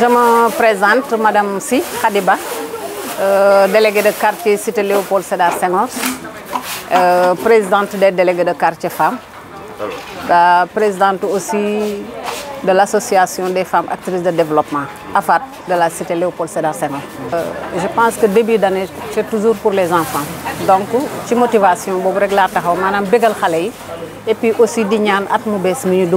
Je me présente, Madame Si Khadiba, euh, déléguée de quartier Cité Léopold Sédar Senghor, euh, présidente des délégués de quartier femmes, présidente aussi de l'association des femmes actrices de développement, AFAT, de la Cité Léopold Sédar Senghor. Euh, je pense que début d'année, c'est toujours pour les enfants. Donc, tu motivation boobu rek la taxaw maanaam bégal yi et puis aussi di ñaan at mu bees mi ñu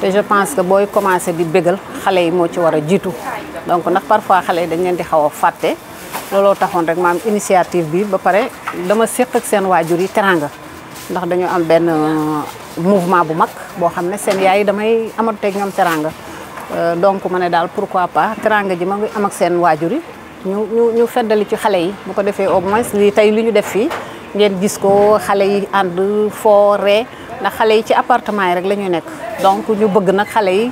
té je pense que boy commencé di bégal xalé yi mo ci wara jitu donc nak parfois xalé dañ leen di xawa faté lolo taxone rek ma am initiative bi ba paré dama séq ak sen wajuri teranga ndax dañu am ben euh, mouvement bu mak bo xamné sen yaay damay ak ñom teranga euh, donc mané dal pourquoi pas teranga ji ma ngi am ak sen wajuri ñu ñu ñu fédali ci xalé yi bu ko défé au moins li tay li ñu def fi ngeen gis ko xalé yi and foo ndax xale yi ci appartement yi rek la ñu nekk donc ñu bëgg nag xale yi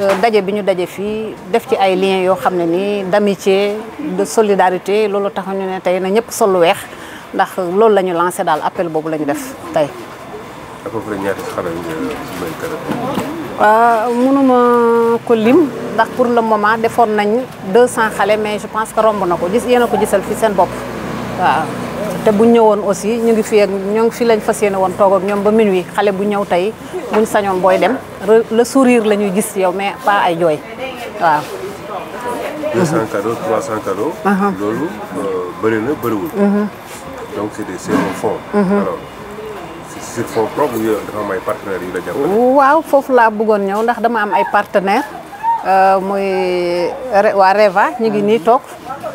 euh, daje bi ñu daje fii def ci ay liens yoo xam ne nii d'amitié de solidarité loolu tax ñu ne tey na ñëpp sol lu weex ndax loolu la ñu lancé daal appel boobu la def tey. à peu près euh, ko lim ndax pour le moment defoon nañ 200 xale mais je pense que romb na ko gis yéen a ko gisal fii seen bopp waaw. te bu ñëwoon aussi ñu ngi fi ñoo ngi lañ fas yéene woon toog ak ñoom ba minuit xale bu ñëw tey buñ sañoon booy dem le sourire la ñuy gis yow mais pas ay jooy waaw. 200 uh-huh. euh, uh-huh. uh-huh. la jàppale. foofu laa bëggoon ñëw ndax dama am ay partenaires euh, muy waa Reva ñu ngi nii toog.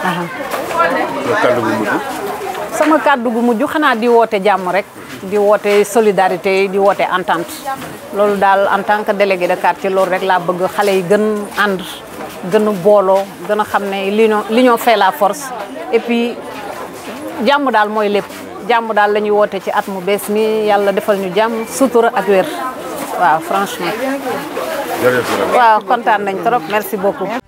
kàddu gu kàddu gu mujj xanaa di woote jàmm rek. di woote solidarité di woote entente. loolu daal en tant que délégué de quartier loolu rek laa bëgg xale yi gën ànd gën booloo gën a xam ne l'union l'union fait la force et jàmm daal mooy lépp jàmm daal la ñuy woote ci at mu bees mi yàlla defal ñu jàmm sutura ak wér waaw franchement. waaw kontaan nañ trop merci beaucoup.